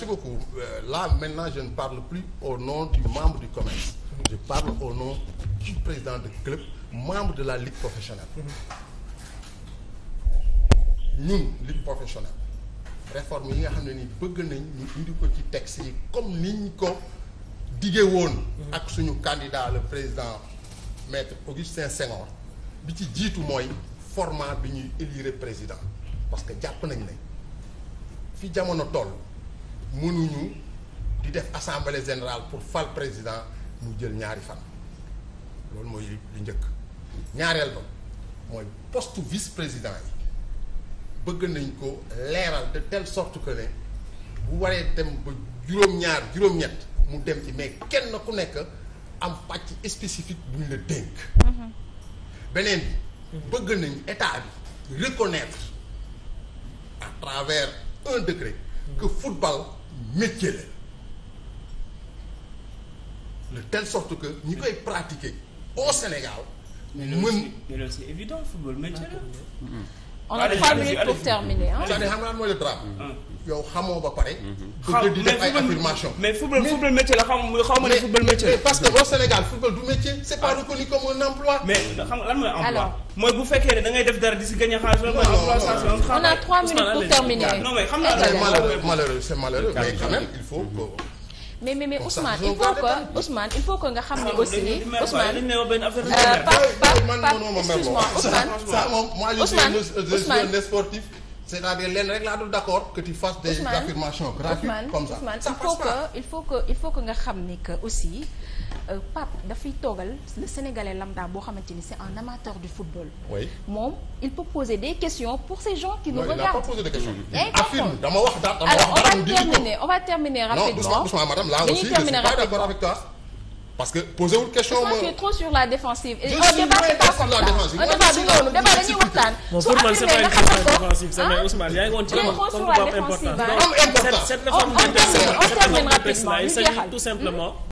merci beaucoup euh, là maintenant par le parle plus au nom du membre du commerce je parle au nom du président de club membre de la ligue professionnelle ñun ligue professionnelle réforme yi nga xam ne ni bëgg nañ ñu indi ko ci texte yi comme niñ ko digee woon ak suñu candidat le président maître Augustin Senghor bi ci jiitu mooy format bi ñuy élire président parce que jàpp nañ ne fi jamono toll mënuñu di def assemblée générale pour fal président mu jël ñaari fan loolu mooy li njëkk ñaareel ba mooy poste vice président yi bëgg nañ ko leeral de telle sorte que ne bu waree dem ba juróom-ñaar juróom-ñett mu dem ci mais kenn ku nekk am pàcc spécifique bu ñu la dénk. Mm-hmm. beneen bi bëgg nañ état bi reconnaître à travers un degré que football. métier la de telle sorte que ñi koy pratiquer au Sénégal. mën mais loolu c'est évident football métier la. Ah, on a trois minutes pour terminer ah. c'est-à-dire xam nga mooy le drame. yow xamoo ba pare. mais football football métier la xam nga xaw ma ne football métier parce que au Sénégal football du métier. c'est pas ah. reconnu comme un emploi. mais xam nga lan mooy emploi. mooy bu fekkee ne da def dara di si gagné xaalis loolu mooy. on a trois minutes pour terminer. non mais xam nga c'est malheureux c'est malheureux mais mais mais mais Ousmane il faut que Ousmane il faut que nga xam ne ni ah, Ousmane euh, Pape Pape excuse-moi Ousmane Ousmane Ousmane c'est-à-dire leen rek laa d'accord que tu fasses des Ousmane, affirmations il faut que il faut que nga xam ni que aussi euh, Pape dafay toogal le sénégalais lambda boo xamante ni c'est un amateur du football. oui moom il peut poser des questions pour ces gens qui nous regardent. non il n'a pas posé de questions. Eh, affirme dama wax dama wax dara alors on va on va terminer rapidement non Ousmane Ousmane madame là aussi je parce que posé wul question. ma tu es trop sur la défensive. je suis sur la défensive. on débat dañuy waxtaan. su affirmé nga xamal ko ah Ousmane yaa ngi woon ci comme bu am importance. cette réforme d'intégration cette réforme d'intégration il s'agit tout simplement.